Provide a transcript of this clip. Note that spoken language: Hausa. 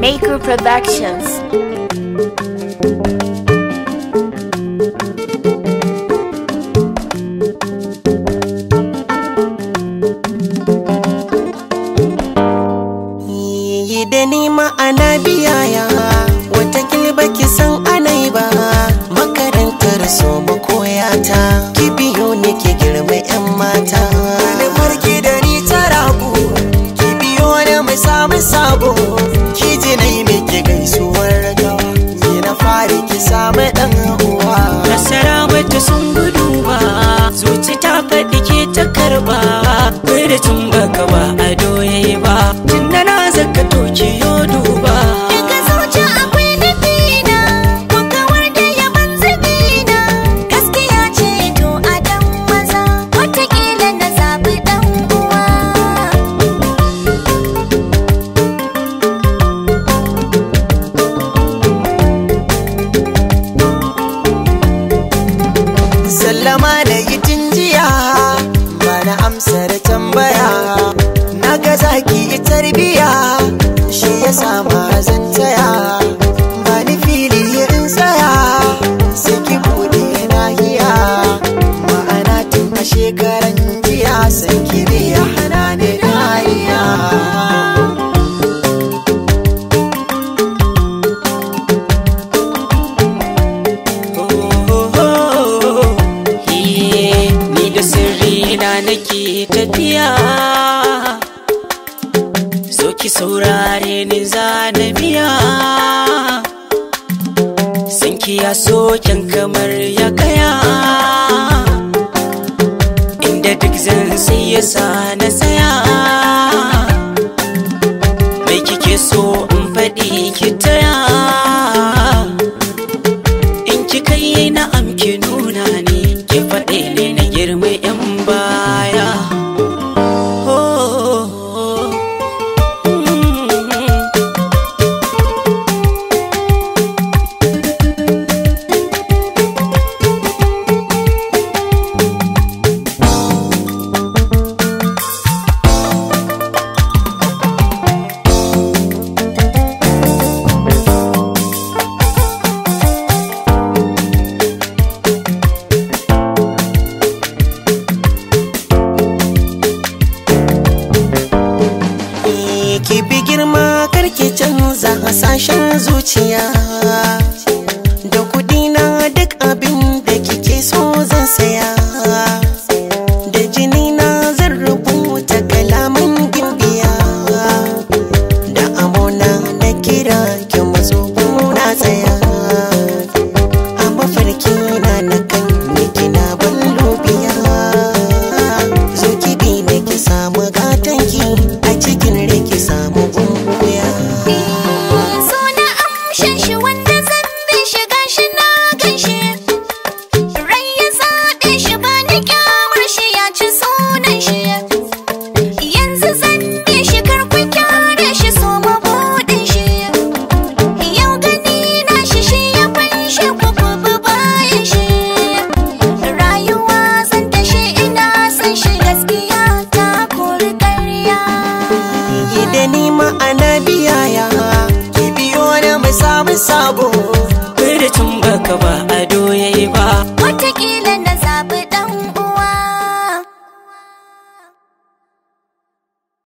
Maker Productions mata Wani farki da ni ta rabu Ki biyo da mu samu sabo Ki ji na yi miki gaisuwar ragawa Ki na fari ki samu ɗan uwa Nasara bata sun gudu ba Zuci ta faɗi ke ta karba Bai da tun baka ba ado yayi ba set it ke tafiya so ki saurare ni za na biya sun kiya ya so kamar ya kaya inda duk zan sai ya sa na saya shan zuciya da kudi na duk abin da kike so zan saya da jini na zan rubuta kalaman gimbiya da amona na kira ki mazo na tsaya a mafarki na na kan miki na ban lobiya zo ki bi da ki samu gatanki a cikin ki samu